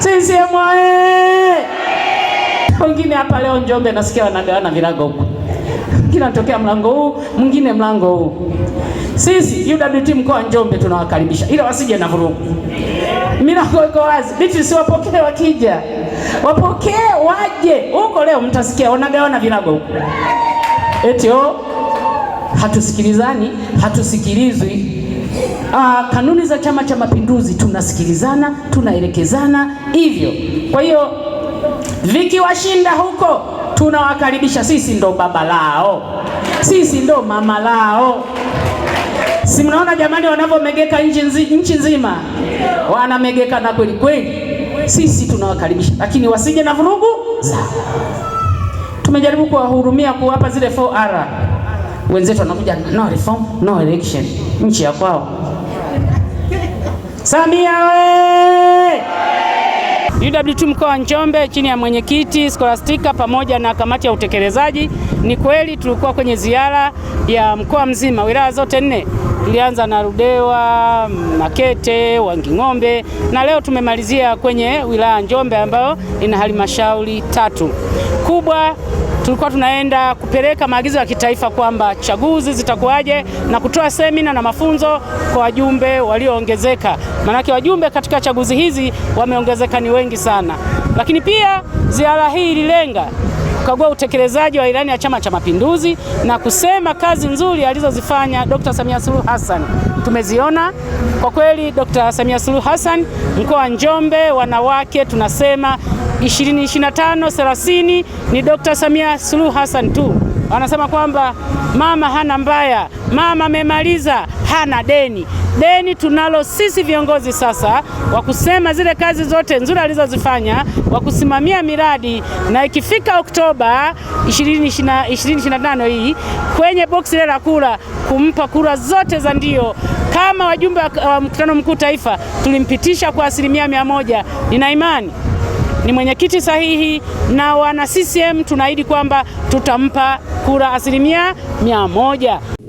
CCM oye! Wengine hapa leo Njombe nasikia wanagawana virago huko, wengine wanatokea mlango huu, mwingine mlango huu. Sisi UWT mkoa wa Njombe tunawakaribisha, ila wasije na vurugu. Milango iko wazi, bitu siwapokee, wakija wapokee, waje huko. Leo mtasikia wanagawana virago huko, eti oh, hatusikilizani, hatusikilizwi uh, kanuni za Chama cha Mapinduzi tunasikilizana, tunaelekezana hivyo. Kwa hiyo vikiwashinda huko, tunawakaribisha. Sisi ndo baba lao, sisi ndo mama lao. Si mnaona jamani, wanavyomegeka nchi nzima, wanamegeka na kweli kweli. Sisi tunawakaribisha, lakini wasije na vurugu zao. Tumejaribu kuwahurumia, kuwapa zile 4R wenzetu wanakuja no reform no election, nchi ya kwao. Samia we! UWT mkoa wa Njombe chini ya mwenyekiti Scholastica pamoja na kamati ya utekelezaji, ni kweli tulikuwa kwenye ziara ya mkoa mzima, wilaya zote nne. Tulianza na rudewa Makete, Wanging'ombe na leo tumemalizia kwenye wilaya Njombe ambayo ina halmashauri tatu kubwa tulikuwa tunaenda kupeleka maagizo ya kitaifa kwamba chaguzi zitakuwaje na kutoa semina na mafunzo kwa wajumbe walioongezeka, maanake wajumbe katika chaguzi hizi wameongezeka, ni wengi sana. Lakini pia ziara hii ililenga kukagua utekelezaji wa ilani ya Chama cha Mapinduzi na kusema kazi nzuri alizozifanya Dr. Samia Suluhu Hassan tumeziona kwa kweli. Dr. Samia Suluhu Hassan, mkoa wa Njombe, wanawake tunasema 2025 30 ni Dr. Samia Suluhu Hassan tu. Anasema kwamba mama hana mbaya, mama amemaliza, hana deni. Deni tunalo sisi viongozi sasa, wa kusema zile kazi zote nzuri alizozifanya, wa kusimamia miradi, na ikifika Oktoba 2025 hii kwenye boksi la kura, kumpa kura zote za ndio kama wajumbe wa mkutano mkuu taifa tulimpitisha kwa asilimia mia moja. Nina imani ni mwenyekiti sahihi, na wana CCM tunaahidi kwamba tutampa kura asilimia mia moja.